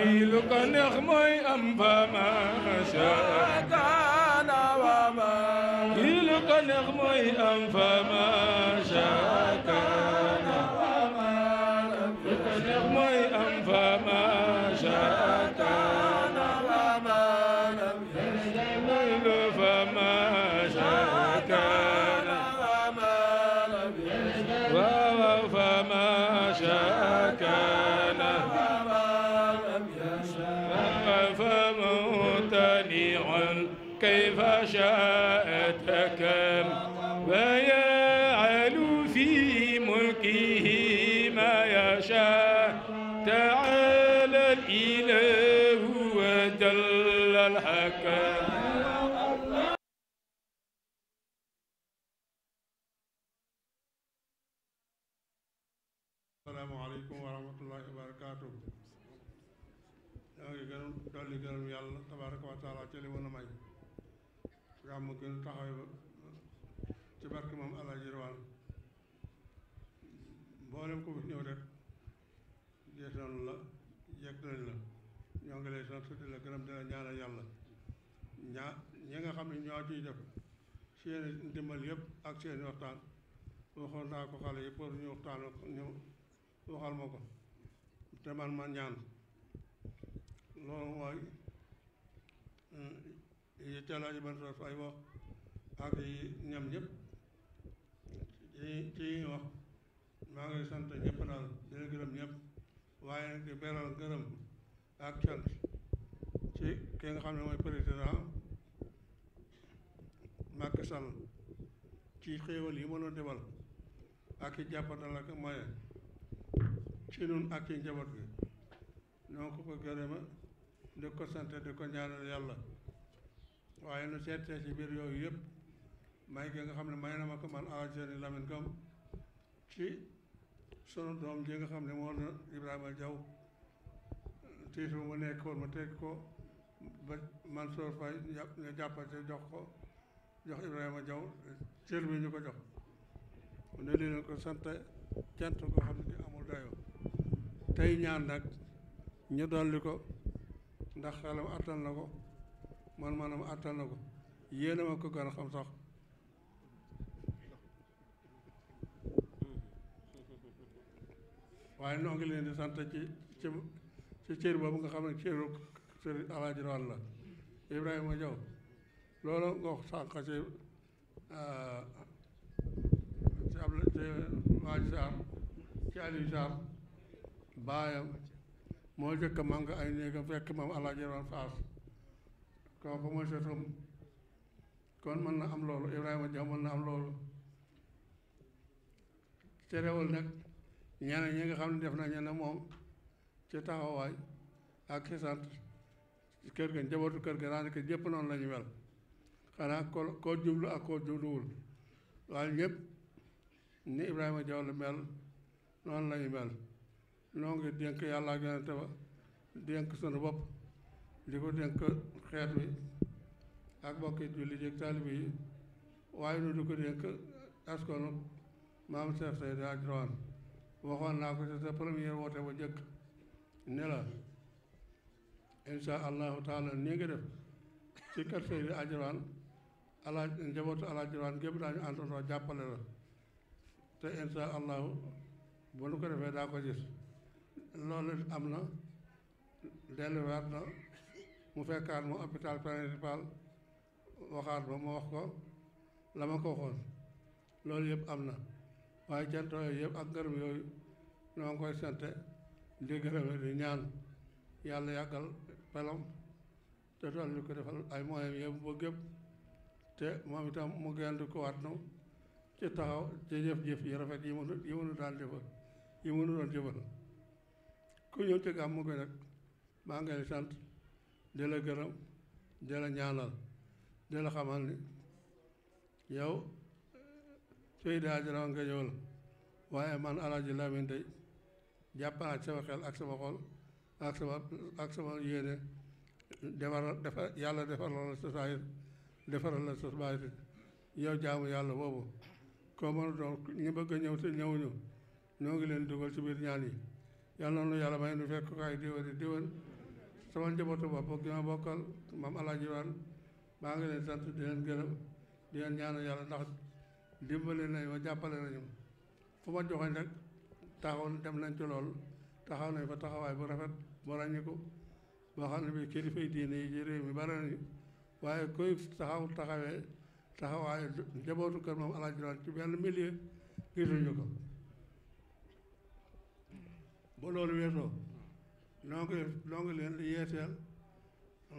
kii lu ko neex mooy am fa ma shaa kaana wa ma kii lu ko neex mooy am fa ma dolli gërëm yàlla tabaraka wa taala ci li mën may gàmm gi nu taxawee ba ci barke moom Alaaji Rawaan mboolem ko fi ñëw rek jeex la yegg nañ la ñoo ngi lay sant di la gërëm di la yàlla ñaa ñi nga xam ne ñoo ciy def seen ndimbal yëpp ak seen waxtaan waxoon naa ko xale yi pour ñu waxtaan ñu waxal ma ko te ma ñaan long way yi ci alaaji Mansour Sy wax ak yi ñam ñëpp ci ci ñu wax maa ngi sant ñëpp daal di leen gërëm ñëpp waaye nag di beral gërëm ak cant ci ki nga xam ne mooy président Macky Sall ci xéewal yi mënoon defal ak ci jàppandal ak moyen ci nun ak ci njaboot gi ñoo ko ko gërëma di ko sant di ko ñaanal yàlla waaye nu seetee si biir yooyu yëpp may gi nga xam ne may na ma ko man Aladji Lamine Ngom ci sunu doom ji nga xam ne moo na Ibrahima Diaw tiis bu mu nekkoon ma teg ko ba Mansour Faye ñu jàppante jox ko jox Ibrahima Diaw cër bi ñu ko jox ne ko sant cant ko xam ne amul dayoo tey ñaan nag ñu dolli ko ndax xelam attan na ko man maanaam attan na ko yéena ma ko gën a xam sax waaye noo ngi leen di sant ci ci ci cër boobu nga xam ne cëru sëriñ Alaaji Rawaan la Ibrahima Jaw loolu nga wax sànq ci ci ab ci Waaji Sarr ci Aliou Sarr baayam moo jëkk man nga ay ala fekk moom alaaji ron faas kooku mooy sëtam kon man na am loolu Ibrahima Dia mën na am loolu terewul nak ñeneen ñi nga xam ne def na ñeneen moom ci taxawaay ak ci kër ga njabootu kër ga daanaka ñëpp mel xanaa ko koo jublu ak koo jubluwul waaye ñëpp ni Ibrahima Dia la mel noonu mel noo ngi dénk yàlla ak yonente ba dénk sunu bopp di ko dénk xeet wi ak bokki julli jéeg taalibe yi waaye nu di ko dénk askanu maam Cheikh Seydi Hadji Rawane waxoon naa ko ci sa première woote ba jëkk ne la insha allahu taala nii nga def ci kër Seydi Hadji Rawane alaaj njabootu Alaaji Rawane gépp daañu àndandoo jàppale la te insha allahu bu nu ko defee daa ko gis loolu am na delluwaat na mu fekkaat mu hôpital principal waxaat ma mu wax ko la ma ko waxoon loolu yëpp am na waaye cant yooyu yëpp ak ngërëm yooyu noo ngi koy sante di gërëme di ñaan yàlla yàggal pelam te toll ñu ko defal ay moyens yëpp ba gépp te moom itam mu gën di ko waat nu ci taxaw ci jëf-jëf yi rafet yi mënu yi mënu daan jëfal yi mënu doon jëfal ku ñëw ci gàmmu gi nag maa ngi lay sant di a gërëm di a ñaanal di la xamal ni yow suy daa ji nga ñëw waaye man Alaaji Lamin day jàpp naa ci sama xel ak sama xol ak sama ak sama yéene defar yàlla defaral la sa saayir defaral la sa baatin yow jaamu yàlla boobu koo mën a doon ñëw te ñëwuñu ñoo ngi leen dugal ci biir ñaan yi yal na nu yàlla may nu fekk ko ay déwén déwén sama njabootu bopp gi ma bokkal maam Alaaji Waan maa ngi leen sant di leen gërëm di yàlla ndax dimbali nañ ma jàppale nañu fu ma joxoñ rek taxaw dem nañ ci lool taxaw nañ fa taxawaay bu rafet bu ràññiku boo xam ne bi kilifay diine yi ci réew mi bari nañu waaye koy taxaw taxawee taxawaayu njabootu kër moom Alaaji Waan ci benn milieu gisuñu ko ba loolu weesoo noo ngi leen yeeseel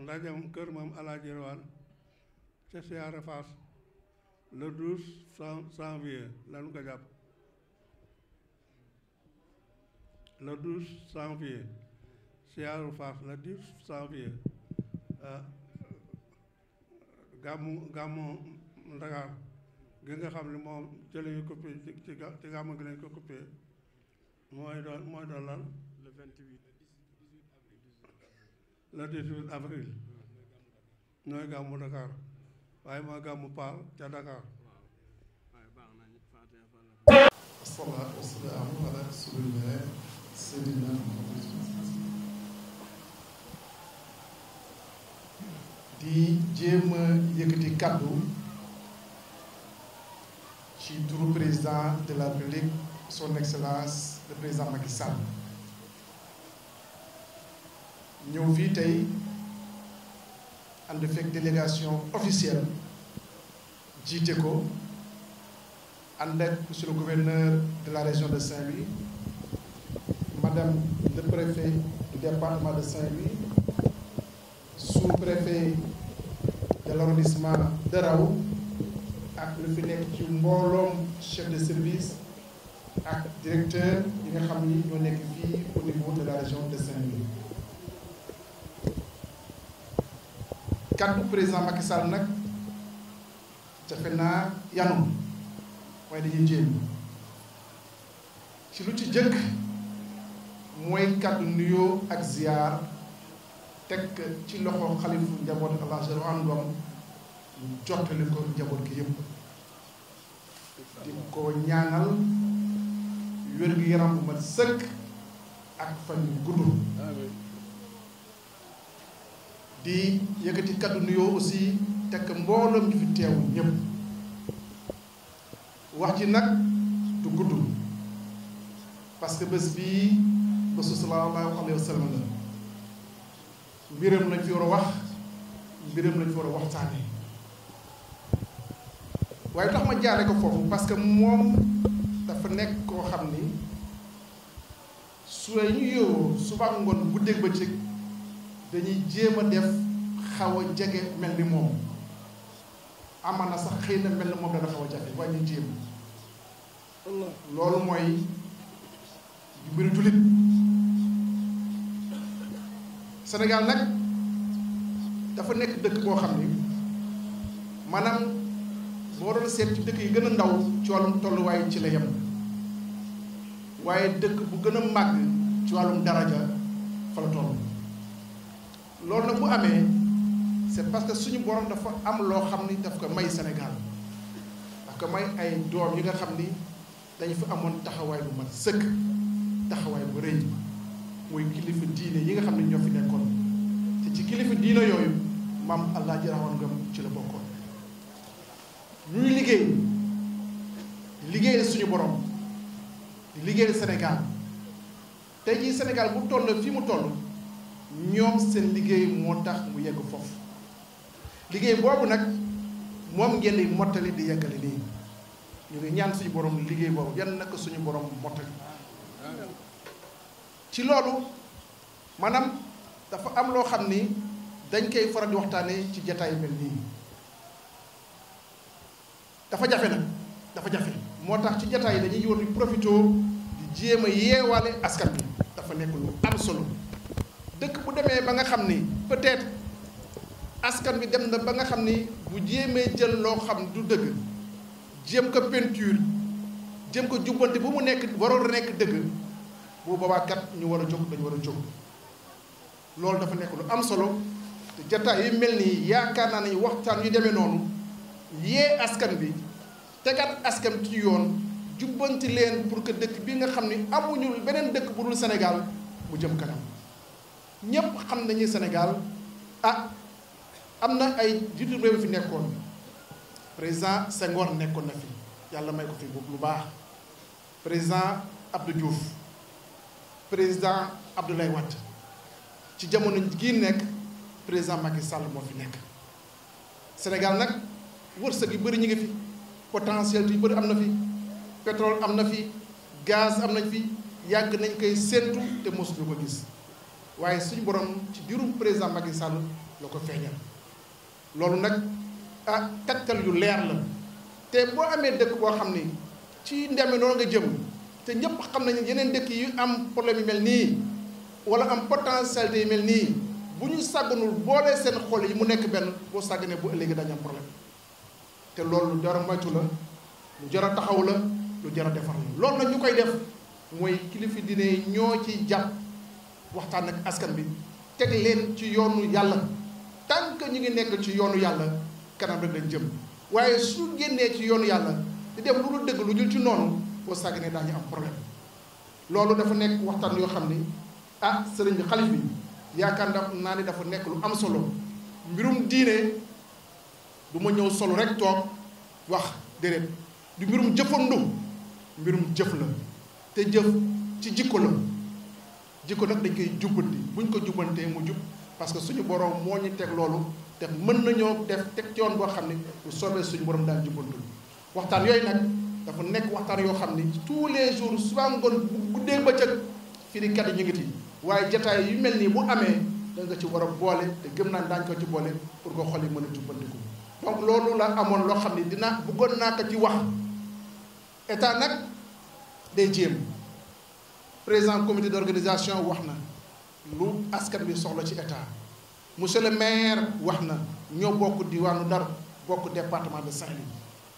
ndajam kër moom Alaaji Rawaan ca siyaare Fass le douze janvier lañu ko jàpp le douze janvier siyaaru Fass le dix janvier euh, gàmmu gàmmu Ndakaar gi nga xam ni moom jële yu coupé ci ci gàmmu gi lañ ko coupé mooy doon mooy doon vingt di jéem a yëkkati kàddu ci turu président de la République son excellence le président Macky Sall ñëw en tey délégation officielle JTECO, en monsieur le gouverneur de la région de Saint-Louis madame le préfet du département de Saint-Louis sous-préfet de l'arrondissement de Raoult à le Félix, chef de service ak directeur yi nga xam ni ñoo nekk fii au niveau de la région de Saint-Louis kaddu président Macky Sall nag jafe naa yanu waaye dañuy jéem ci lu ci jëkk mooy kaddu nuyoo ak ziar teg ci loxo xalifu njaboot allah jero andom mu jottali ko njaboot gi yëpp di ko ñaanal wér-gu-yaram bu mat sëkk ak fan yu gudd di yëkkati kaddu nuyoo aussi tekk mbooloom ñu fi teew ñëpp wax ji nag du gudd parce que bés bii bésu sallallahu alayhi wa sallam la mbiram lañ fi a wax mbiram lañ fi tax ma jaare ko foofu parce moom dafa nekk koo xam ni su ñu yowoo suba ngoon ba bëccëg dañuy jéem a def xaw a jege mel ni moom amana sax xëy na mel ni moom dana xaw a jafe waaye ñu jéem loolu mooy mbiru jullit Sénégal nag dafa nekk dëkk koo xam ni maanaam boo doon seet ci dëkk yi gën a ndaw ci wàllum tolluwaay ci la yem waaye dëkk bu gën a mag ci wàllum daraja fa loolu nag bu amee c'est parce que suñu borom dafa am loo xam ni daf ko may Sénégal daf ko may ay doom yi nga xam ni dañu fi amoon taxawaay bu mat sëkk taxawaay bu rëy muy kilifa diine yi nga xam ne ñoo fi nekkoon te ci kilifa diine yooyu maam allah ji raxoon ci la bokkoon ñuy liggéey liggéey suñu borom di liggéeyal Sénégal tey jii Sénégal bu toll fii mu toll ñoom seen liggéey moo tax mu yegg foofu liggéey boobu nag moom ngeen di mottali di yeggali nii ñu ngi ñaan suñu borom liggéey boobu yan nag suñu borom mottali ci loolu maanaam dafa am loo xam ni dañ koy faral di waxtaanee ci jataay mel nii dafa jafe nag dafa jafe moo tax ci jataay dañuy war di profité di jéem a yeewaale askan bi dafa nekk lu am solo dëkk bu demee ba nga xam ni peut-être askan bi dem na ba nga xam ni bu jéemee jël loo xam du dëgg jéem ko peinture jéem ko jubbante bu mu nekk waroon nekk dëgg bu boobaa kat ñu war a jóg dañu war a jóg loolu dafa nekk lu am solo te jataay yi mel nii yaakaar naa ne waxtaan yu demee noonu yee askan bi. tegaat askan ci yoon jubbanti leen pour que dëkk bi nga xam ni amuñu beneen dëkk bu dul Sénégal mu jëm kanam ñépp xam nañu Sénégal ah am na ay jiitu réew fi nekkoon président Senghor nekkoon na fi yàlla may ko fi bu baax président Abdou Diouf président Abdoulaye Wade ci jamono gii nekk président Macky Sall moo fi nekk Sénégal nag wërsëg yu bëri ñu ngi fi. potentiel yu bëri am na fi pétrole am na fi gaz am nañ fi yàgg nañ koy séentu te mosuñu ko gis waaye suñu borom ci diirum président Macky Sall la ko feeñal loolu nag ah tegtal yu leer la te boo amee dëkk boo xam ni ci ndeme noonu nga jëm te ñëpp xam nañu yeneen dëkk yi am problème yu mel nii wala am potentialité yu mel nii bu ñu sàgganul boolee seen xool yi mu nekk benn boo sàgganee bu ëllëgee dañu am problème te loolu lu jar la lu jar a taxaw la lu jar a defar la loolu nag ñu koy def mooy kilifi dine ñoo ci jàpp waxtaan ak askan bi teg leen ci yoonu yàlla tant que ñu ngi nekk ci yoonu yàlla kanam rek lañ jëm waaye su génnee ci yoonu yàlla di dem lu dul dëgg lu jul ci noonu boo sàgganee daañu am problème loolu dafa nekk waxtaan yoo xam ni ah sëriñ bi xalif bi yaakaar naa ni dafa nekk lu am solo mbirum diine du ma ñëw solo rek toog wax déedéet du mbirum jëfandu mbirum jëf la te jëf ci jikko la jikko nag dañ koy jubbanti buñ ko jubbantee mu jub parce que suñu borom moo ñu teg loolu te mën nañoo def te yoon boo xam ne bu soobee suñu borom daal jubbantu waxtaan yooyu nag dafa nekk waxtaan yoo xam ni tous les jours suba ngoon bu guddee bëccëg fii di kat yi ñu ngi ci waaye jataay yu mel nii bu amee da nga ci war a boole te gëm naa daañu ko ci boole pour ko xol yi mën a jubbandiku donc loolu la amoon loo xam ne dina bëggoon naa ko ci wax état nag day jéem président comité d'organisation wax na lu askan bi soxla ci état monsieur le maire wax na ñoo bokk diwaanu Ndar bokk département de Saint-Louis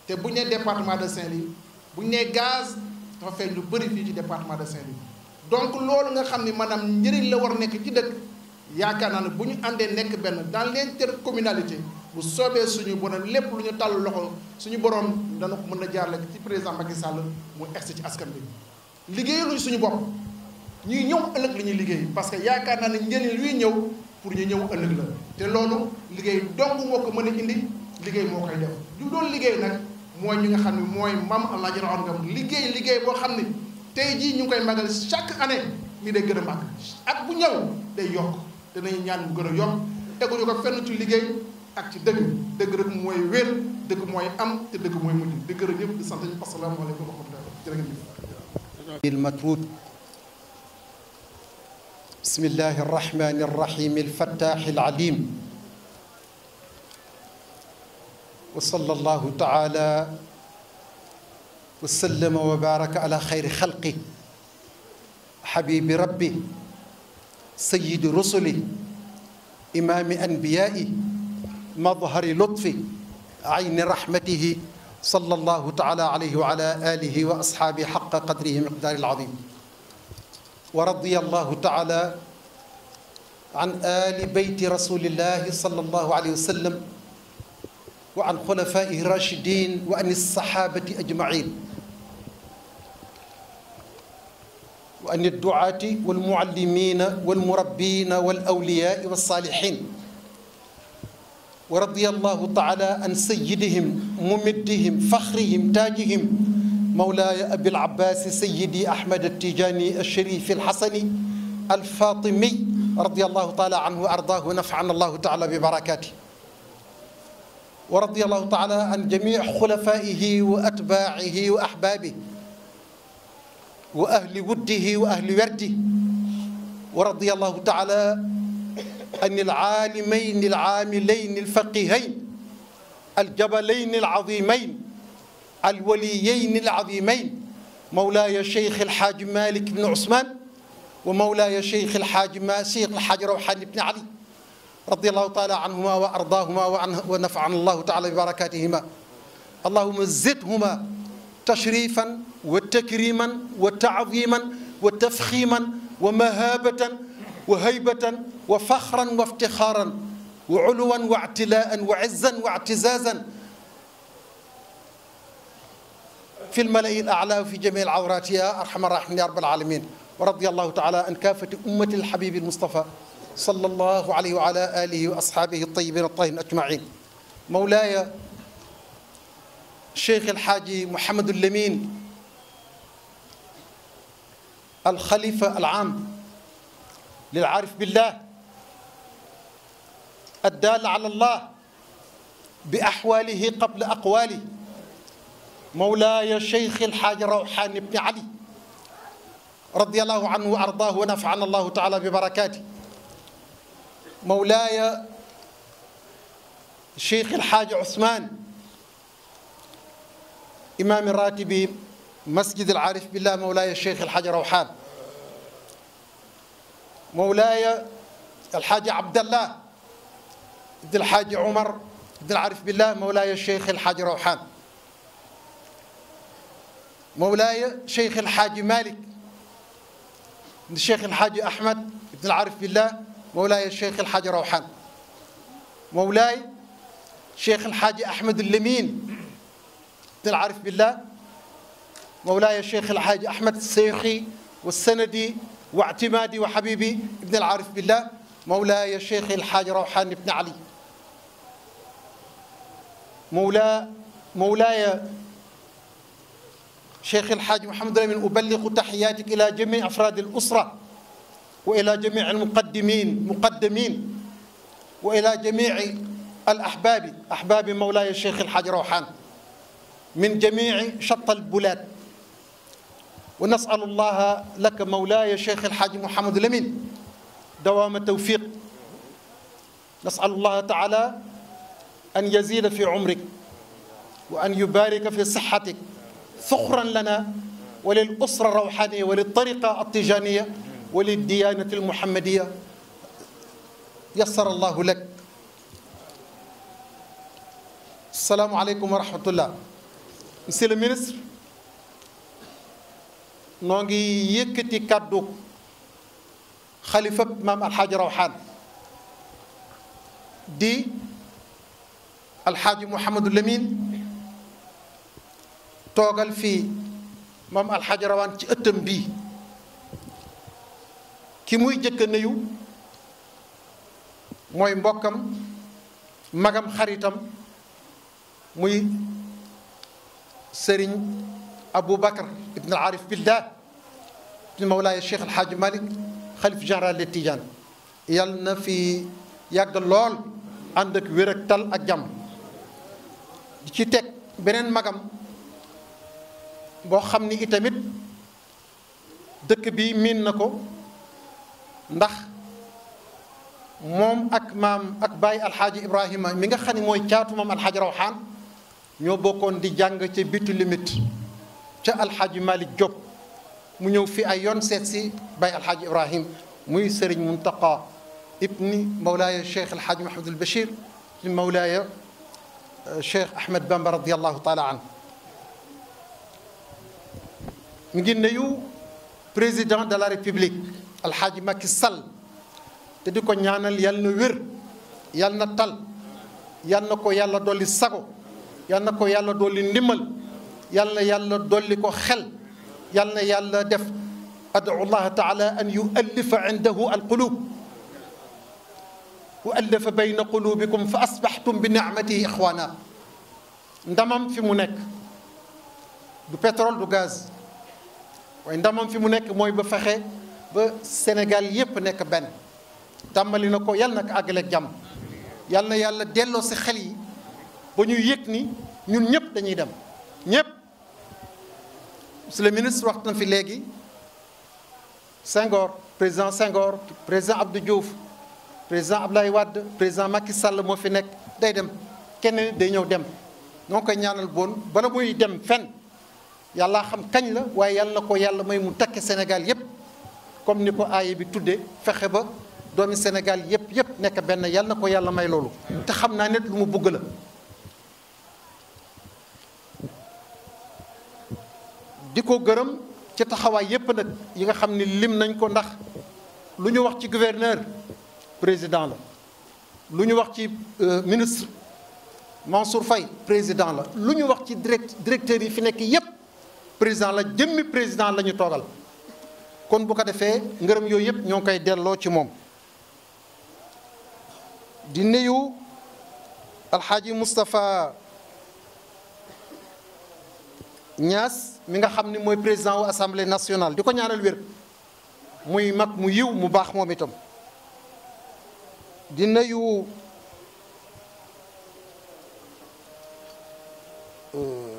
te bu ñu nee département de Saint-Louis bu ñu nee gaz dafa feeñ lu bëri fii ci département de Saint-Louis donc loolu nga xam ne maanaam njëriñ la war nekk ci dëkk yaakaar naa ne bu ñu àndee nekk benn dans communalité bu soobee suñu borom lépp lu ñu tàll loxo suñu borom dana ko mën a jaarale ci président Macky Sall mu egsi ci askan bi liggéeyaluñ suñu bopp ñuy ñëw ëllëg la ñuy liggéey parce que yaakaar naa ne njëriñ luy ñëw pour ñu ñëw ëllëg la te loolu liggéey dong moo ko mën a indi liggéey moo koy def lu doon liggéey nag mooy ñi nga xam ne mooy maam El Hadj Rawane liggéey liggéey boo xam ne tey jii ñu ngi koy magal chaque année ni day gën a màgg ak bu ñëw day yokk danañ ñaan mu gën a yokk teguñu ko fenn ci liggéey. ak ci dëgg dëgg rek mooy wér dëgg mooy am te dëgg mooy mujj di gërëm ñëpp di sant ñëpp asalaamaaleykum wa rahmatulah jërë ngeen jëf المتروك بسم الله الرحمن الرحيم الفتاح العليم وصلى الله تعالى وسلم وبارك على خير خلقه حبيب ربه سيد رسله إمام أنبيائه مظهر لطف عين رحمته صلى الله تعالى عليه وعلى آله وأصحابه حق قدره مقدار العظيم ورضي الله تعالى عن آل بيت رسول الله صلى الله عليه وسلم وعن خلفائه الراشدين وعن الصحابة أجمعين وعن الدعاة والمعلمين والمربين والأولياء والصالحين ورضي الله تعالى عن سيدهم ممدهم فخرهم تاجهم مولاي أبي العباس سيدي أحمد التيجاني الشريف الحسني الفاطمي رضي الله تعالى عنه أرضاه ونفعنا الله تعالى ببركاته ورضي الله تعالى عن جميع خلفائه وأتباعه وأحبابه وأهل وده وأهل ورده ورضي الله تعالى أن العالمين العاملين الفقيهين الجبلين العظيمين الوليين العظيمين مولاي شيخ الحاج مالك بن عثمان ومولاي شيخ الحاج ماسيق الحاج روحان بن علي رضي الله تعالى عنهما وأرضاهما ونفعنا الله تعالى ببركاتهما اللهم زدهما تشريفا وتكريما وتعظيما وتفخيما ومهابة وهيبة وفخرا وافتخارا وعلوا واعتلاء وعزا واعتزازا في الملأ الأعلى وفي جميع العورات يا أرحم الراحمين يا رب العالمين ورضي الله تعالى عن كافة أمة الحبيب المصطفى صلى الله عليه وعلى آله وأصحابه الطيبين الطاهرين أجمعين مولاي الشيخ الحاج محمد اللمين الخليفة العام للعارف بالله الدال على الله بأحواله قبل أقواله مولاي شيخ الحاج روحان بن علي رضي الله عنه وأرضاه ونفعنا الله تعالى ببركاته مولاي الشيخ الحاج عثمان إمام راتب مسجد العارف بالله مولاي الشيخ الحاج روحان مولاي الحاج عبد الله عبد الحاج عمر عبد العارف بالله مولاي الشيخ الحاج روحان مولاي شيخ الحاج مالك عبد الشيخ الحاج أحمد عبد العارف بالله مولاي الشيخ الحاج روحان مولاي شيخ الحاج أحمد اللمين عبد العارف بالله مولاي الشيخ الحاج أحمد السيخي والسندي واعتمادي وحبيبي ابن العارف بالله مولاي الشيخ الحاج روحان بن علي مولا مولاي شيخ الحاج محمد من أبلغ تحياتك إلى جميع أفراد الأسرة وإلى جميع المقدمين مقدمين وإلى جميع الأحباب أحباب مولاي الشيخ الحاج روحان من جميع شط البلاد ونسأل الله لك مولاي شيخ الحاج محمد الأمين دوام التوفيق نسأل الله تعالى أن يزيد في عمرك وأن يبارك في صحتك ثخرا لنا وللأسرة الروحانية وللطريقة التجانية وللديانة المحمدية يسر الله لك السلام عليكم ورحمة الله Monsieur le ministre, نونغي يكتي كادو خليفه مام الحاج روحان دي الحاج محمد لمين توغل في مام الحاج روان تي اتم بي كي موي جيك نيو موي مبوكم مغام خريتم موي سرين أبو بكر ابن العارف بالله بن مولاي الشيخ الحاج مالك خلف جهرة للتيجان يلنا في يقد اللول عندك ورق تل أجام دي تك بنين مقام بو خمني إتمت دك بي مين نكو ndax mom ak mam ak bay alhaji ibrahima mi nga xani moy ciatu mam alhaji rawhan ño bokon di jang ci bitu limite ca alxaaji Malick Diop mu ñëw fi ay yoon seet si bay alxaaji Ibrahim muy sëriñ Muntaqa ibni mawlaaya cheikh alxaaji Mahamadul Bachir di mawlaaya cheikh Ahmed Bamba radiallahu taala an mi ngi nuyu président de la république alxaaji Macky Sall te di ñaanal yal na wér yal na tal yal na ko yàlla dolli sago yal na ko yàlla dolli ndimmal yal na yàlla dolli ko xel yal na yàlla def adu llah taala an yuallifa indahu alqulub wa allafa bayna qulubikum fa asbaxtum bi nicmatihi ixwaana ndamam fi mu nekk du pétrole du gaz waaye ndamam fi mu nekk mooy ba fexe ba Sénégal yépp nekk benn tàmbali na ko yal na ko àggaleeg jàmm yal na yàlla delloo si xel yi ba ñu yëg ni ñun ñëpp dañuy dem ñëpp monsieur le ministre wax na fi léegi Senghor président Senghor président Abdou Diouf président Ablay Wade président Macky Sall moo fi nek day dem kenn day ñëw dem noo koy ñaanal bon bala muy dem fenn yalla xam kagn la way yalla ko yalla may mu takke Sénégal yépp comme niko ayé bi tuddé fexé ba doomi Sénégal yépp yépp nek ben yalla na ko yàlla may lolu te xamna net lu mu bëgg la di ko gërëm ci taxawaay yépp nag yi nga xam ni lim nañ ko ndax lu ñu wax ci gouverneur président la lu ñu wax ci euh, ministre Mansour fay président la lu ñu wax ci direct directeur yi fi nekk yépp président la jëmmi président la ñu toogal kon bu ko defee ngërëm yooyu yëpp ñoo ngi koy delloo ci moom di nuyu alxaaji Moustapha ñaas mi nga xam ni mooy président wu assemblée nationale di ko ñaanal wér muy mag mu yiw mu baax moom itam di nuyu euh,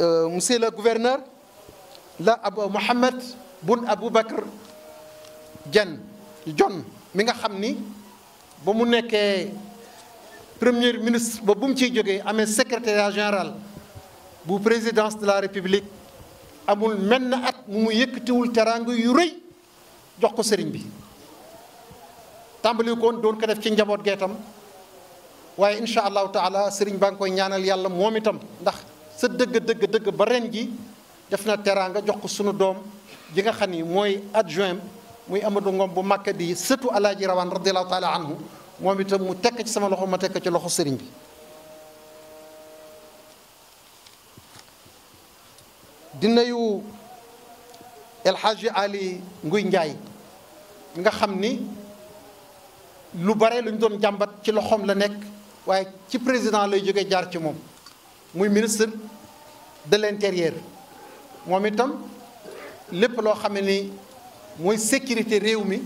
euh, monsieur le gouverneur la abu Mohamed bun Aboubacar Dieng John mi nga xam ni ba mu nekkee premier ministre ba bu mu ciy jógee amee secrétaire général bu présidence de la république amul na at mu mu yëkkatiwul teraanga yu rëy jox ko sëriñ bi tàmbali ko doon ko def ci njaboot geetam waaye incha allahu taala sëriñ baa ngi koy ñaanal yàlla moom itam ndax sa dëgg dëgg dëgg ba ren ji def na teraanga jox ko sunu doom ji nga xam yi mooy adjoint muy amatu Ngom bu Màkka di sëtu alaaji rawaan radiallahu taala anhu moom itam mu tekk ci sama loxo ma tekk ci loxo sëriñ bi di nuyu El Hadji Ali Nguy Njaay nga xam ni lu bare lu ñu doon jàmbat ci loxoom la nekk waaye ci président lay jóge jaar ci moom muy ministre de l'intérieur moom itam lépp loo xam ne ni mooy sécurité réew mi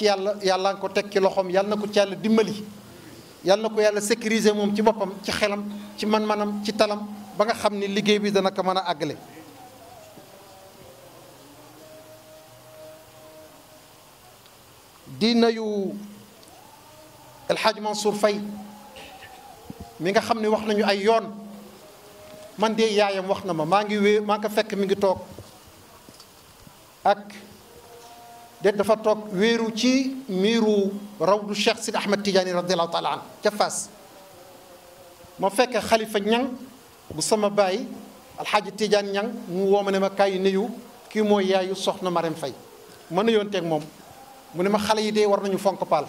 ci yàlla yàlla nga ko teg ci loxoom yàlla na ko ci yàlla dimbali yàlla na ko yàlla sécuriser moom ci boppam ci xelam ci man-manam ci talam ba nga xam ni liggéey bi dana ko mën a àggale di nuyu El Hadj Mansour Faye mi nga xam ne wax nañu ay yoon man de yaayam wax na ma maa ngi wé maa ngi fekk mi ngi toog ak déet dafa tok wéru ci miru rawdu Cheikh sid Ahmed Tidiane radiallahu taala an ca fas mo fekk khalifa ñang bu sama baay alxaaji Tidiane ñang mu woo ma ne ma kaay nuyu kii mooy yaayu soxna Marème Faye ma yonte ak mom mu ne ma xale yi de war nañu fonk pal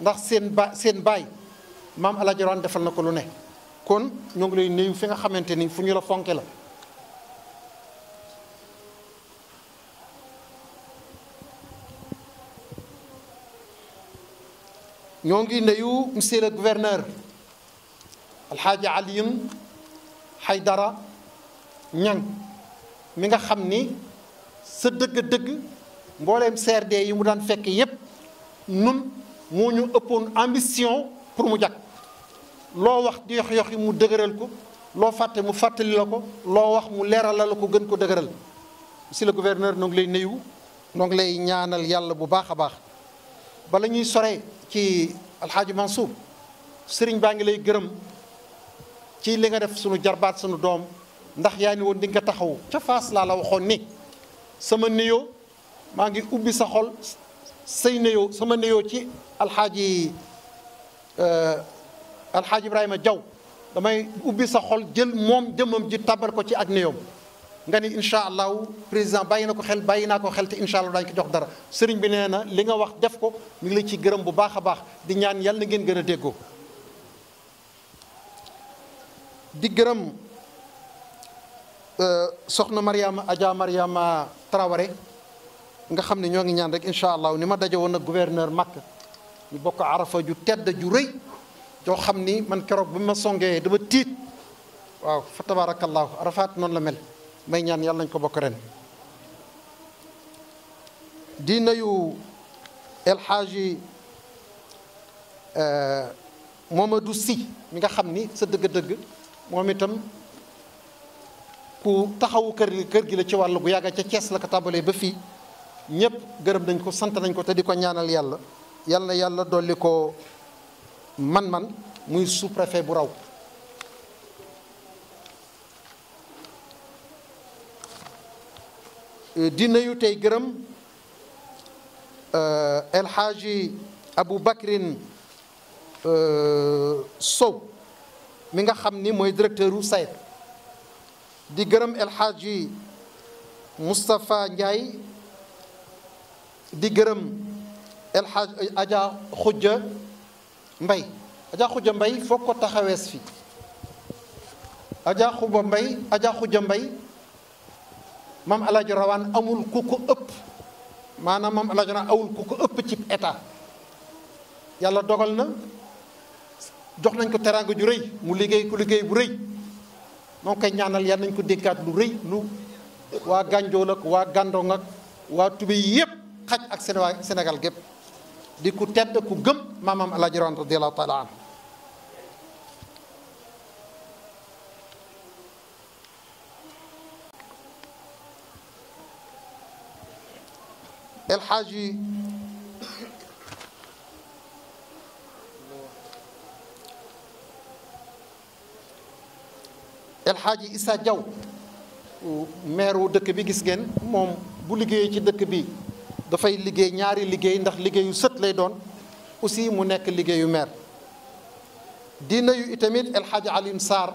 ndax sen ba sen bay mam Alaaji Rawaan defal nako lu ne kon ñong lay neyu fi nga xamanteni fu ñu la fonke la ñoo ngi nuyu monsieur le gouverneur alxaaji Alioune dara Niang mi nga xam ni sa dëgg-dëgg mbooleem CRD yi mu daan fekk yépp nun moo ñu ëppoon ambition pour mu jag loo wax di yox yi mu dëgëral ko loo fàtte mu fàttali la ko loo wax mu leeralal la ko gën ko dëgëral monsieur le gouverneur noo ngi lay nuyu noo ngi lay ñaanal yàlla bu baax a baax bala ñuy soree ci alxaaji Mansour sëriñ baa ngi lay gërëm ci li nga def sunu jarbat sunu dom ndax yaani won di nga taxaw ca fas la la waxon ni sama neyo maa ubi sa xol sey neyo sama neyo ci euh alxaaji Ibrahima Diaw damay ubi sa xol jël mom jëmmam ji tabal ko ci ak nuyoom nga ni incha allahu président bàyyi na ko xel bàyyi naa ko xel te incha allah daañu ko jox dara sëriñ bi nee na li nga wax def ko mi ngi la ci gërëm bu baax a baax di ñaan yàlla na ngeen gën a déggoo di gërëm euh, soxna Mariama Adja Mariama Traoré nga xam ne ñoo ngi ñaan rek incha allahu ni ma daje woon na gouverneur Makka ñu bokk arafa ju tedd ju rëy joo xam ni man keroog bi ma songee dama tiit waaw fa tabarakallahu arafaat noonu la mel may ñaan yàlla nañ ko bokk ren di nayu nuyu El Hadji euh, du Sy mi nga xam ni sa dëgg-dëgg moom itam ku taxawu kër gi kër gi la ci wàll gu yàgga ca Cees la ko tàmbalee ba fii ñëpp gërëm nañ ko sant nañ ko te di ko ñaanal yàlla yàlla na yàlla dolli ko man-man muy sous-préfet bu raw دينيو تيغرم الحاجي ابو بكر سو ميغا خامني موي ديريكتورو سايت دي غرم الحاجي مصطفى نجاي دي غرم الحاج اجا خوجا مباي اجا خوجا مباي فوكو تاخاويس في اجا خوبا مباي اجا خوجا مباي maam El Hadj amul ku ko ëpp maanaam maam El Hadj Rawane awul ku ko ëpp cib état yàlla dogal na jox nañ ko teraanga ju rëy mu liggéey ku liggéey bu rëy moo koy ñaanal yàlla nañ ko déggaat lu rëy lu waa Gànjool waa Gàndong ak waa Tubéy yëpp xaj ak Sénégal gépp di ku tedd ku gëm maamam El Hadj Rawane radiyallahu taala الحاجي الحاجي إسا جو ميرو دك بي جس موم بو لغيي چي دك بي دا فاي لغيي نياري لغيي ندخ لغيي ست دون اوسي مو نيك لغيي دينا يو اتاميت الحاجي علي مسار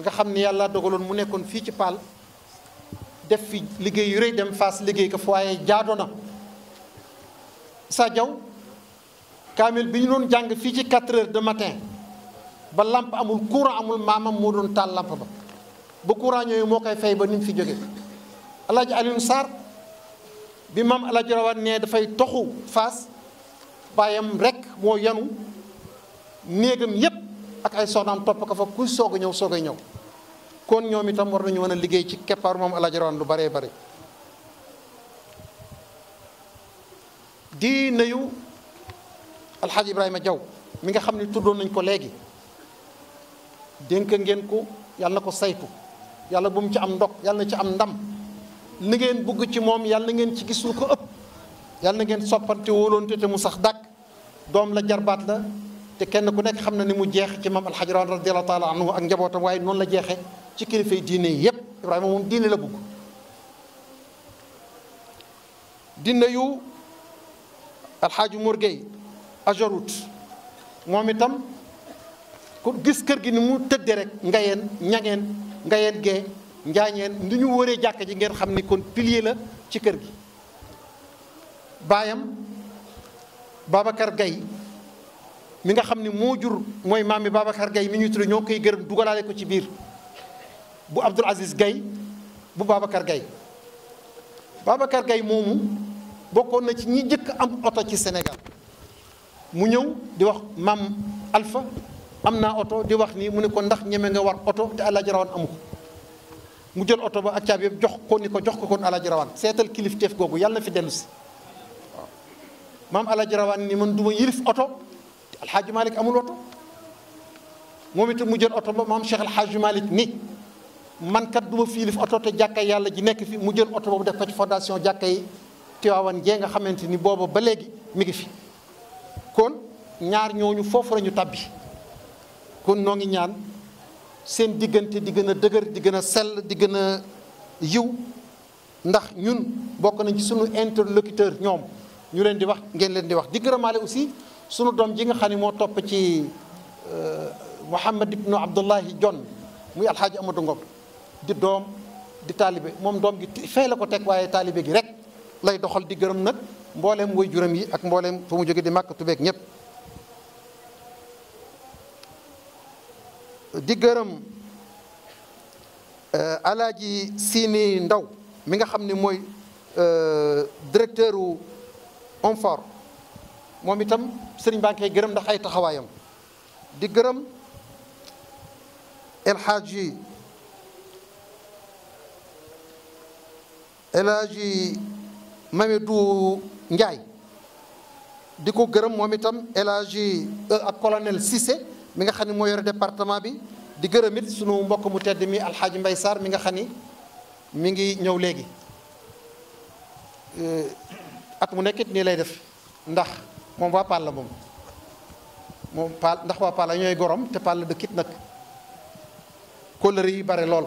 ميغا خامني يالا دوغولون مو في چي def fi liggéey yu rëy dem fas liggéey ko waaye jaadoo na Issa Diaw kaamil bi ñu doon jàng fii ci 4 heures de matin ba lamp amul courant amul maamam moo doon taal lamp ba ba courant ñooyu moo koy fay ba ni fi jóge El Hadj Alioune Sarr bi maam El Hadj ne dafay toxu fas baayam rek moo yanu néegam yépp ak ay soxnaam topp ko fa kuy soog a ñëw soog a ñëw. kon ñoom itam war nañu mën a liggéey ci keppaar moom Alaaji Rawaan lu baree bare di nuyu Alxaaji Jaw mi nga xam ne tuddoon nañ ko léegi dénk ngeen ko yàlla ko saytu yàlla bu mu ci am ndog yàlla na ci am ndam li ngeen bugg ci moom yàlla na ngeen ci gis ko ëpp yàlla na ngeen soppante wóoloonte te mu sax dàkk doom la jarbaat la te kenn ku nekk xam ne ni mu jeex ci maam alxaji rawaan radiallahu taala anhu ak njabootam waaye noonu la jeexee ci kilifay diine yépp Ibrahima moom diine la bugg dina yu alxaaji Mourguey ajarut moom itam ku gis kër gi ni mu tëddee rek ngayeen ñangeen ngayeen gee njaañeen ni ñu wëree jàkka ji ngeen xam ni kon pilier la ci kër gi baayam Babacar Gaye mi nga xam ni moo jur mooy maam mi Babacar Gaye mi ñu tudd ñoo koy gërëm dugalaale ko ci biir bu Abdoul Aziz Gaye bu Babacar Gaye Babacar Gaye moomu bokkoon na ci ñi njëkk am oto ci Sénégal mu ñëw di wax maam Alpha am naa oto di wax nii mu ne ko ndax ñeme nga war oto te Alaaji Rawaan amu ko mu jël oto ba ak caabi yëpp jox ko ni ko jox ko kon Alaaji Rawaan seetal kilifteef googu yàlla na fi dellu si waaw maam Alaaji Rawaan ni man du ma yilif oto te Alxaaji Malik amul oto moom itam mu jël oto ba maam Cheikh Alxaaji Malik ni man kat duma lif auto te jakkay yalla ji nek fi mu jël auto bobu def ko ci fondation jakkay tiwawan je nga xamanteni bobu ba legi mi ngi fi kon ñaar ñooñu fofu lañu tabbi kon no ngi ñaan seen digënté di gëna a dëgër di gëna a di gëna a yiw ndax ñun bokk nañ ci sunu interlocuteur ñoom ñu leen di wax ngeen leen di wax di aussi sunu dom ji nga xani mo top ci euh mohammed ibn Abdullahi John muy alhaji Amadou Ngom di dom di talibé mom dom gi fé la ko ték wayé talibé gi rek lay doxal di gërëm nak mbolém way juram yi ak mbolém fu mu jóge di màkk tubeeg ñépp di gërëm euh alaaji sini ndaw mi nga xam moy euh directeur u ONFOR mom itam serigne banké gërëm ndax ay taxawayam di gërëm El Hadji El Hadji Mamidou Ndiaye di ko gërëm moom itam El euh, ak colonel Cissé mi nga xam ne moo yore département bi di gërëm it sunu mbokk mu tedd mi Alxaaji Mbay saar mi nga xam ni mi ngi ñëw léegi euh, at mu nekkit nii lay def ndax moom waa Pall moom moom Pall ndax waa Pall ñooy gorom te Pall la dëkkit nag kóllëre yi bare lool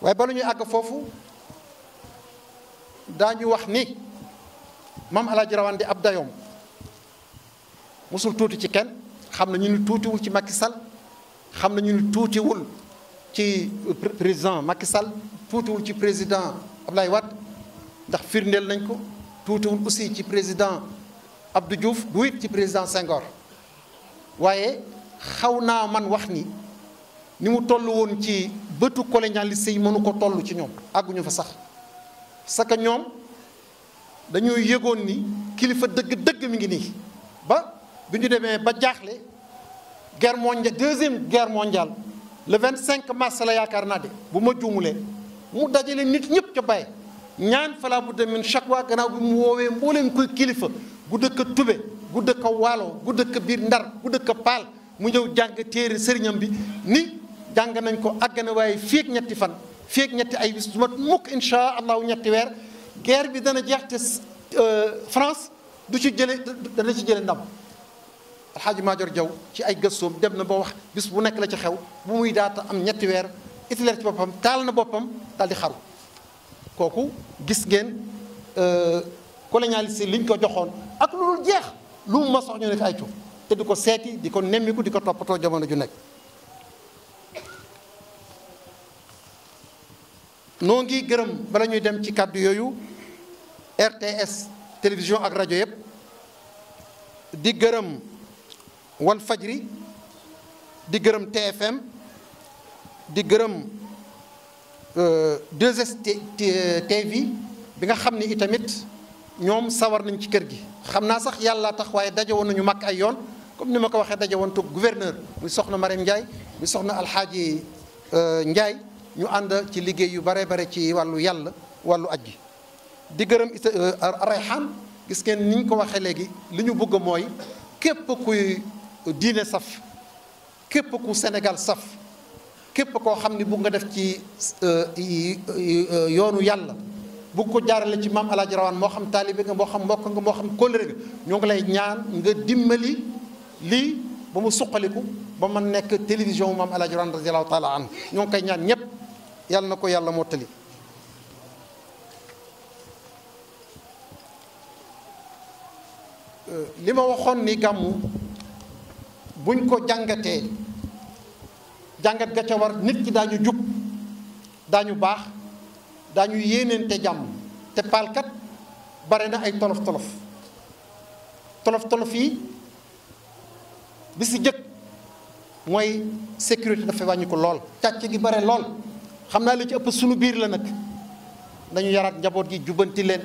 waaye ba ñuy ag fofu dañu wax ni mam Alaaji Rawaan di ab dayoom mosul tuuti ci ken xamna ñu ni wul ci Macky Sall xamna ñu ni wul ci président Macky Sall tuti wul ci président Ablaye wat ndax firndel nañ ko tuti wul aussi ci président Abdou Diouf bu it ci président Senghor waye xawna man wax ni ni mu tollu won ci bëtu colonialiste yi mënu ko toll ci ñoom àgguñu fa sax parce que ñoom dañoo yëgoon ni kilifa dëgg-dëgg mi ngi nii ba bi ñu demee ba jaaxle guerre mondiale deuxième guerre mondiale le 25 mars la yaakaar naa de bu ma juumulee mu dajale nit ñëpp ca bay ñaan falaa bu dem min chaque fois gannaaw bi mu woowee mbooleem koy kilifa gu dëkk Tube gu dëkk Waalo gu dëkk biir Ndar gu dëkk Paal mu ñëw jàng téere sëriñam bi ni jàng nañ ko àgg na waaye fii ak ñetti fan fii ak ñetti ay bis du mat mukk insha allahu ñetti weer guerre bi dana jeex te France du ci jële dana ci jële ndam alxaaji Maajoor Jaw ci ay gëstoom dem na ba wax bis bu nekk la ci xew bu muy daata am ñetti weer Hitler ci boppam taal na boppam daal di xaru kooku gis ngeen colonialiste liñ ko joxoon ak lu dul jeex lu mu ma sox ñu nekk ay cuuf te di ko seeti di ko nemmiku di ko toppatoo jamono ju nekk noo ngi gërëm bala ñuy dem ci kàddu yooyu RTS télévision ak rajo yëpp di gërëm Walf Fadjri di gërëm TFM di gërëm 2STV bi nga xam ni itamit ñoom sawar nañ ci kër gi xam naa sax yàlla tax waaye daje woon nañu mag ay yoon comme ni ma ko waxee daje woon toog gouverneur muy soxna Marème Ndiaye muy soxna Alxaaji Ndiaye ñu ànd ci liggéey yu bare bare ci wàllu yàlla wàllu aj gi di gërëm it euh, rayxaan gis ngeen ni ñu ko waxee léegi li ñu bëgg mooy képp kuy diine saf képp ku senegal saf képp koo xam ni bugg nga def ci euh, euh, yoonu yàlla bugg ko jaarale ci maam alaaji rawaan moo xam taalibe nga moo xam mbokk nga moo xam kóllëre nga ñoo ngi lay ñaan nga dimbali lii ba mu suqaliku ba man nekk télévision maam alaaji rawaan radiyallaahu taala an ñoo ngi koy ñaan ñëpp yàlla nako yalla motali lima euh, li ni gamu buñ ko jangate jangat ga ca war nit ki dañu jub dañu bax dañu yenente jam te paalkat bare na ay tolof tolof tolof tolof yi bisi jek moy sécurité da wàññi ko lol càcc gi bare lol xam naa li ci ëpp sunu biir la nag nañu yaraat njaboot gi jubbanti leen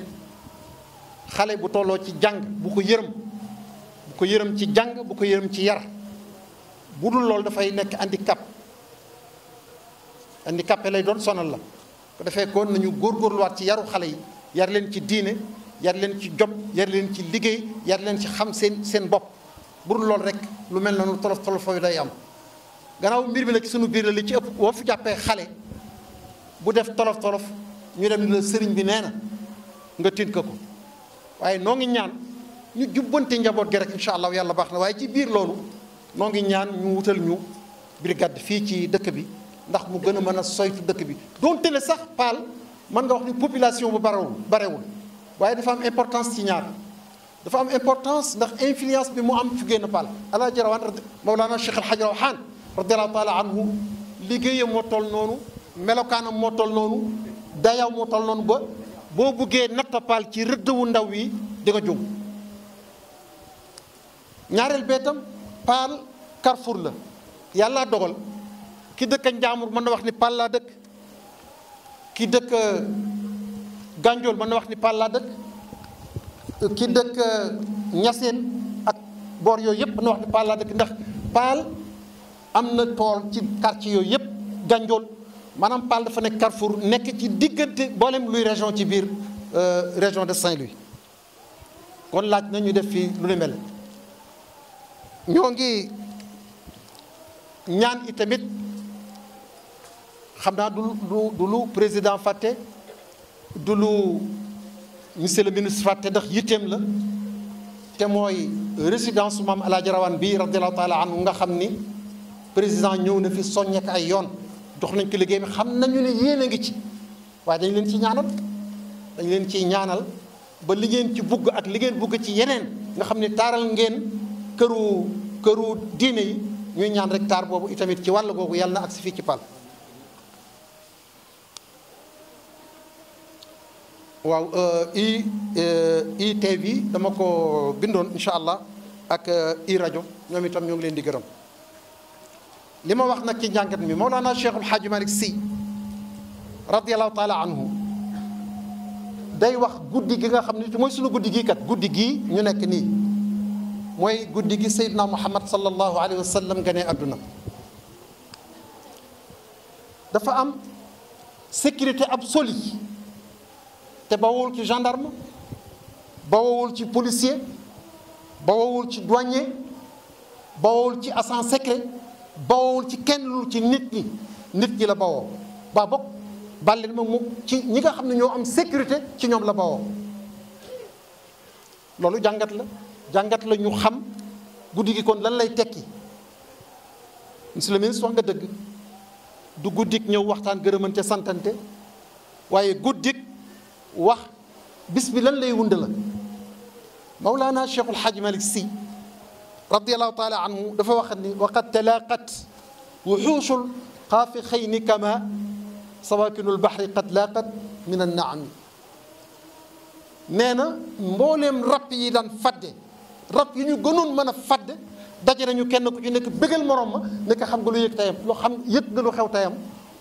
xale bu tolloo ci jàng bu ko yërëm bu ko yërëm ci jàng bu ko yërëm ci yar bu dul loolu dafay nekk indi handicap handicapé lay doon sonal la ko defee kon nañu góorgóorluwaat ci yaru xale yi yar leen ci diine yar leen ci jom yar leen ci liggéey yar leen ci xam seen seen bopp bu dul loolu rek lu mel noonu tolof tolof foofu day am gannaaw mbir mi nag sunu biir la li ci ëpp boo fi jàppee xale bu def tolof tolof ñu dem la sëriñ bi nee na nga tin ko ko waaye noo ngi ñaan ñu jubbante njaboot gi rek incha allah yàlla baax na waaye ci biir loolu noo ngi ñaan ñu wutal ñu brigade fii ci dëkk bi ndax mu gën a mën a soytu dëkk bi donte ne sax paal mën nga wax ni population bu barewul barewul waaye dafa am importance ci ñaar dafa am importance ndax influence bi mu am fi génn paal alaa jarawaan Mawlana Cheikh Al Hadj Rawane radiallahu taala anhu liggéeyam moo toll noonu melokaanam moo toll noonu dayaw moo toll noonu ba boo buggee nattapaal ci rëdd wu ndaw wi di nga jóg ñaareel beetam paal Carrefour la yàllaa dogal ki dëkk Njaamur mën na wax ni paal laa dëkk ki dëkk euh, Gànjool wax ni paal laa dëkk ki euh, ak boor yooyu yëpp mën na wax ni paal laa dëkk ndax paal am na tool ci quartier yooyu yëpp Gànjool Madame parle de Carrefour qui ci Bolem luy région euh, région de Saint-Louis kon laaj ñu def ne mel ñaan itamit président faté, du le ministre Faté, la résidence su Aladjarawan président ñëw na fi ay jox nañ ko liggéey bi xam nañu ne yéen a ngi ci waaye dañ leen ci ñaanal dañ leen ciy ñaanal ba li ngeen ci bugg ak li bugg ci yeneen nga xam ne taaral ngeen këru këru diine yi ñuy ñaan rek taar boobu itamit ci wàll googu yàlla na ak si fii ci pal waaw euh, i euh, i TV dama ko bindoon incha allah ak euh, i rajo ñoom itam ñoo ngi leen di gërëm لما وقتنا كي جانكت مي مولانا الشيخ الحاج مالك سي رضي الله تعالى عنه داي واخ غودي كيغا خامني موي سونو غودي كي كات غودي كي ني نيك ني موي غودي كي سيدنا محمد صلى الله عليه وسلم غني ادنا دا فا ام سيكوريتي ابسولي تي باول كي جندارم باول كي بوليسيه باول كي دوانيه باول كي اسان سيكريت bawowul ci kenn lu ci nit ñi nit ñi la bawoo ba bokk bàllin ma mu ci ñi nga xam ne ñoo am sécurité ci ñoom la bawoo loolu jàngat la jàngat la ñu xam guddi gi kon lan lay tekki monsieur le ministre wax nga dëgg du guddik ñëw waxtaan ca santante waaye guddik wax bis bi lan lay wund la Mawlaana naa Hadj Malick si رضي الله تعالى عنه دفا واخدني وقد تلاقت وحوش القافخين كما سواكن البحر قد لاقت من النعم نانا مولم ربي لان فد ربي ني غنون من فد داجي نيو كين كو نيك بيغل مروم نيك خام غلو ييك تايم لو خام ييك دلو خيو تايم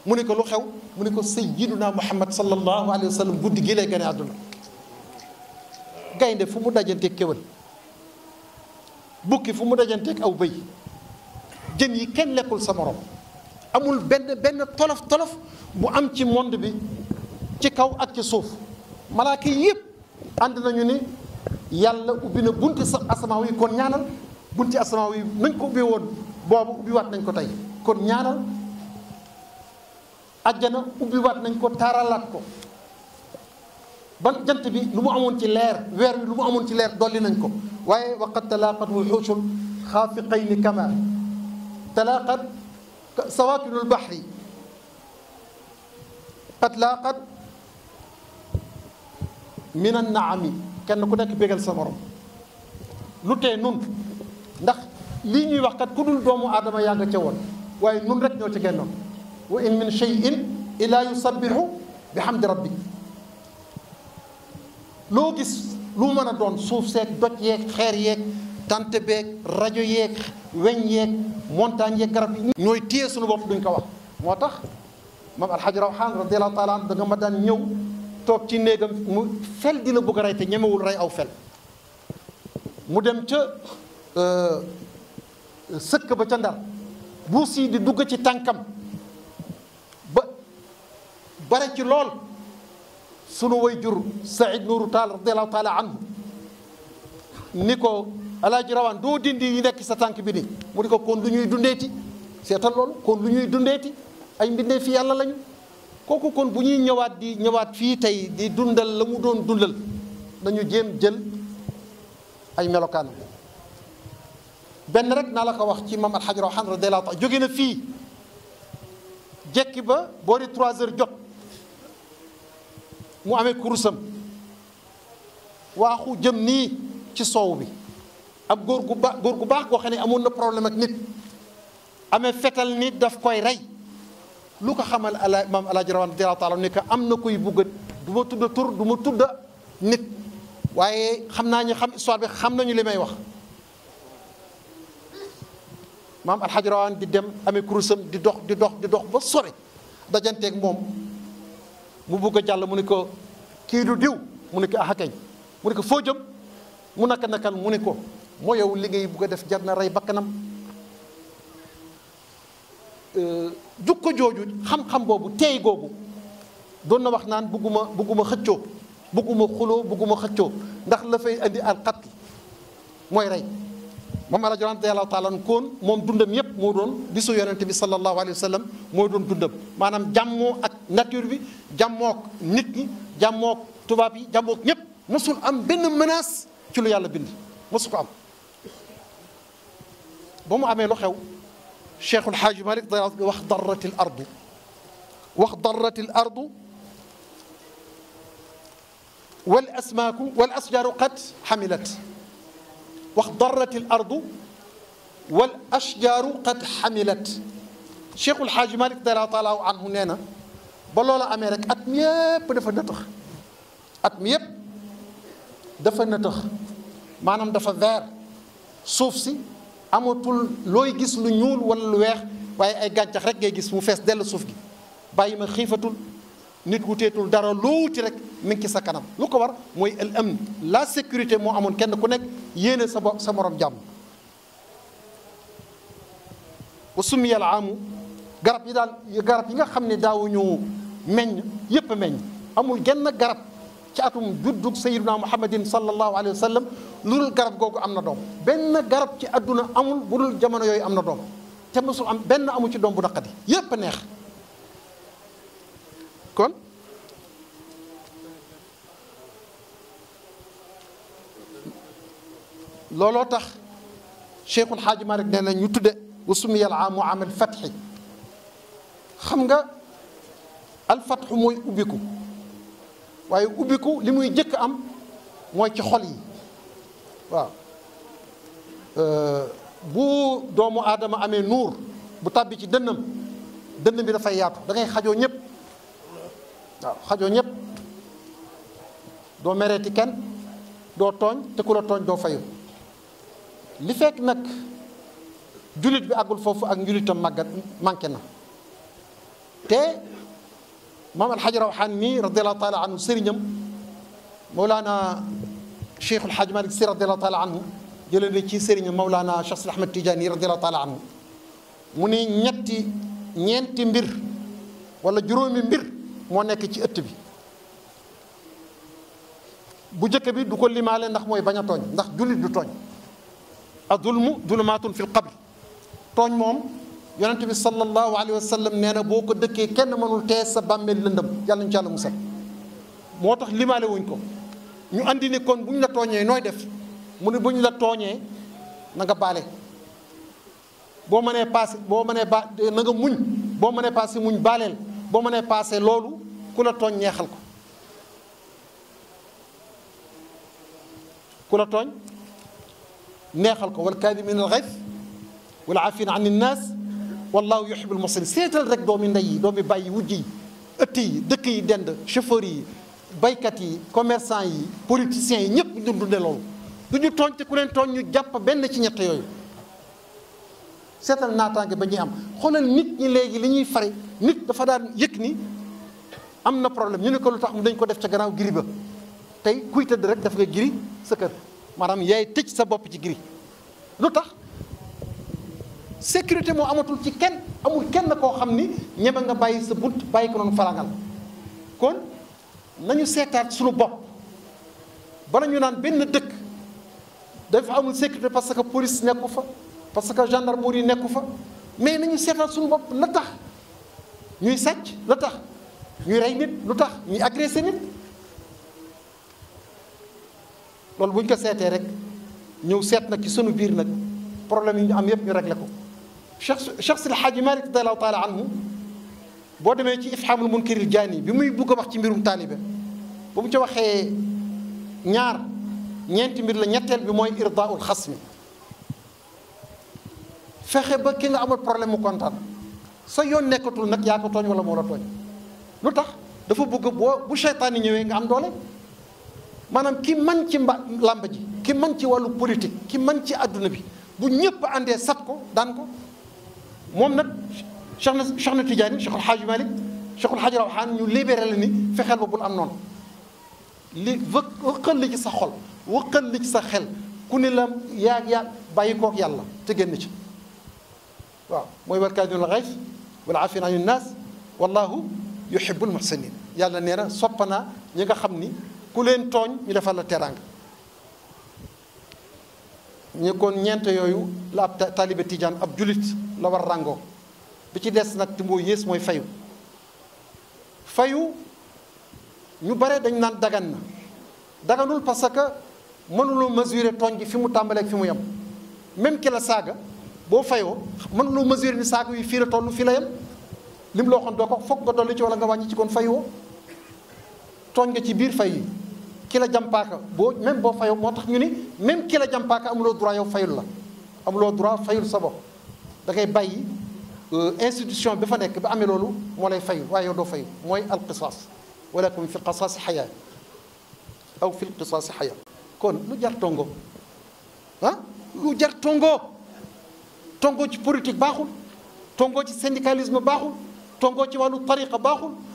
مونيكو لو خيو مونيكو سيدنا محمد صلى الله عليه وسلم غودي غيلي غني ادنا غايند فمو داجي تي كيول bukki fu mu dajanteeg aw bëy jën yi kenn lekkul sa morom amul benn benn tolof tolof bu am ci monde bi ci kaw ak ci suuf malaaka yi yëpp ànd nañu ni yàlla ubbi na bunti sa asamaaw yi kon ñaanal bunti asamaaw yi nañ ko ubbi woon boobu ubbi waat nañ ko tey kon ñaanal ajjana ubbi waat nañ ko taaralaat ko ba jant bi lu mu amoon ci leer weer wi lu mu amoon ci leer dolli nañ ko waaye waqad talaaqat wuxuushul xaafiqayni kama talaaqat sawaakinul baxri qad laaqat min annaami kenn ku nekk begal sa lu tee nun ndax lii ñuy wax kat ku dul doomu aadama yaa nga ca waaye nun rek ñoo ci gennoon wa in min cheyin ila yusabbihu bi hamdi rabbik loo gis lu mën a doon suuf seeg doj yeeg xeer yeeg tante beeg rajo yeeg weñ yeeg montagne yeeg garab yi ñooy téye suñu bopp duñ ko wax moo tax maam alxaj rawxaan radiallahu taala danga ma daan ñëw toog ci néegam mu fel di la bëgg a rey te ñemewul rey aw fel mu dem ca euh, sëkk ba ca ndar buus yi di dugg ci tànkam ba bare ci lool سنو ويجر سعيد نور تعالى رضي الله تعالى عنه نيكو على جروان دو دين دي نك ساتان كبيري مودي كو كون لونيي دونديتي سيتال لول كون لونيي دونديتي اي مبيني في يالا لاني كوكو كون بني نيوات دي نيوات في تاي دي دوندال لامو دون دوندال دانيو جيم جيل اي ملوكان بن رك نالاكا واخ مام الحجر وحن رضي الله تعالى جوغينا في جيكي بوري 3 جوت mu amee kurusam waaxu jëm ni ci soow bi ab gor gu ba gor gu bax koo xane amon na problème ak nit amé fetal nit daf koy ray lu ko xamal ala mam ala jarawan radiyallaahu taala ne ka amna na koy bugg du ma tudda tur du ma tudda nit waye xamna ñu xam histoire bi xam nañu limay wax mam al rawaan di dem amé kurusam di dox di dox di dox ba sore ak mom mu bugg a jàll mu ne ko kii du diw mu ne ko ah kay mu ne ko foo jëm mu naka nakal mu ne ko moo yow li ngay bugg a def jar na rey bakkanam euh, jukko jooju xam-xam boobu teey googu doon na wax naan bugguma bugguma xëccoo bugguma xuloo bugguma xëccoo ndax la fay indi alxat mooy rey moom alaaji radiallahu taala an kon moom dundam yépp moo doon bisu yonente bi sallallahu alayhi wa sallam mooy doon dundam maanaam jàmmoo ak nature bi jàmmook nit ñi jàmmook tubaab yi jàmmook ñépp mosul am benn menace ci lu yàlla bind mosu ko am ba mu amee lu xew cheikhul xaaji malik da wax darrati l ardu wax darrati l ardu wal asmaaku wal asjaaru qad xamilat واخضرت الأرض والأشجار قد حملت Cheikh El Hadj Malick dara taalaaw anhu nee na ba loola amee rek at mi yëpp dafa nëtëx at mi yëpp dafa nëtëx maanaam dafa vert suuf si amatul looy gis lu ñuul wala lu weex waaye ay gàncax rek ngay gis mu fees dell suuf gi bàyyi ma xiifatul nit wuteetul dara loo wuti rek mi ngi ci sa kanam lu ko war mooy al amn la sécurité moo amoon kenn ku nekk yéene sa sa morom jàmm wa summiya al aamu garab yi daal garab yi nga xam ne daawuñu meññ yépp meññ amul genn garab ci atum juddug sayiduna muhammadin sallallahu alayhi wa sallam lu dul garab googu am na doom benn garab ci àdduna amul bu dul jamono yooyu am na doom te mosul am benn amu ci doom bu naqadi yépp neex التوكل لولو تخ شيخ الحاج مارك نانا نيوتد وسمي العام عام الفتح خمغا الفتح موي اوبيكو واي اوبيكو لموي جيك ام موي تي خولي وا أه بو دومو ادم امي نور بو تابي تي دنم دنم بي دا فاي ياتو داغي خاجو نيب waaw xajoo ñëpp doo mereeti kenn doo tooñ te ku la tooñ doo fayu li fekk nag jullit bi àggul foofu ak njullitam màggat manqué na te maam alxaj rawxaan mii radiallahu taala anhu sëriñam mawlaana cheikhul xaj malik si radiallahu taala anhu jëlee na ci sëriñam mawlaana cheikh si ahmad tijaani radiallahu taala anhu mu ni ñetti ñeenti mbir wala juróomi mbir moo nekk ci ëtt bi bu njëkk bi du ko limaale ndax mooy bañ a tooñ ndax julit du tooñ adulmu dulmatun fil qabri tooñ moom yonent bi sallallahu alayhi wasallam sallam nee na boo ko dëkkee kenn mënul tee sa bàmmeel lëndëm yàlla ñu ci yàlla musal moo tax limaale wuñ ko ñu andi ni kon bu ñu la tooñee nooy def mu ne bu ñu la tooñee na nga baale boo mënee paase boo mënee ba na nga muñ boo mënee paase muñ baaleel boo mënee paase loolu ku la tooñ ñeexal ko ku la tooñ neexal ko wal kaadimiina al gayz wal aafiina an innaas wallaahu yuhibbul muhsinin seetal rek doomi ndey yi doomi bàyyi wujj yi ëtt yi dëkk yi dend chauffeur yi baykat yi commerçant yi politiciens yi ñëpp ñu dundee loolu du ñu tooñ te ku leen tooñ ñu jàpp benn ci ñett yooyu seetal naataange ba ñuy am xoolal nit ñi léegi li ñuy fare nit dafa daan yëg ni am na problème ñu ne ko lu tax mu dañ ko def ci gannaaw giri ba tey kuy tëdd rek daf nga giri sa kër maanaam yaay tëj sa bopp ci giri lu tax sécurité moo amatul ci kenn amul kenn koo xam ni ñeme nga bàyyi sa bunt bàyyi ko noonu farangal kon nañu seetaat suñu bopp bala ñu naan benn dëkk dafa amul sécurité parce que police nekku fa parce que gendarmerie nekku fa mais nañu seetaat suñu bopp la tax ñuy sàcc la tax ñuy rey nit lu tax ñuy agressé nit loolu bu ñu ko seetee rek ñëw seet nag ci sunu biir nag problème yi ñu am yëpp ñu réglé ko Cheikh Cheikh Sidi Hadji Malick taala anhu boo demee ci ifhamul munkiril jaani bi muy bugg a wax ci mbirum taalibe ba mu ca waxee ñaar ñeenti mbir la ñetteel bi mooy irdaul xasmi fexe ba ki nga amul problème mu kontaan sa yoon nekkatul nag yaa ko tooñ wala moo la tooñ lu tax dafa bëgg boo bu seytaane ñëwee nga am doole maanaam ki man ci mba làmb ji ki man ci wàllu politique ki man ci àdduna bi bu ñëpp àndee sat ko daan ko moom nag Cheikh na Cheikh na Tidiane Cheikh El Hadj Malick Cheikh ñu libéré la ni fexeel ba bul am noonu li wëqal ci sa xol wëqal li ci sa xel ku ni la yaag yaag bàyyi kook yàlla te génn ci waaw mooy warkaay dina la xayf والعافين عن الناس والله يحب المحسنين يلا نيرا صبنا نيغا خمني كولين تون ني ديفال تيرانغ ني كون نينت يويو لا طالب تيجان اب جوليت لا وار رانغو بي تي ديس نك تيمو ييس موي فايو فايو ني باري داني نان داغان داغانول باسكو منولو مزوري توغ في مو في مو يام ميم كي boo fayoo mën loo mesure ni saako yi fii la toll fii la yem lim loo xam doo ko foog nga dolli ci wala nga wàññi ci kon fayoo tooñ nga ci biir fay yi ki la jàmpaaka boo même boo fayoo moo tax ñu ni même ki la jàmpaaka amuloo droit yow la amuloo droit fayul sa dangay da ngay bàyyi euh, institution bi fa nekk ba amee loolu moo lay fayu waaye yow doo fayu mooy alqisaas walakum fi lqisaasi xayaa aw fi lqisaasi xayaa kon lu jar tongo lu jar tongo tongoo ci politique baaxul tongoo ci syndicalisme baaxul tongoo ci wàllu tariqa baaxul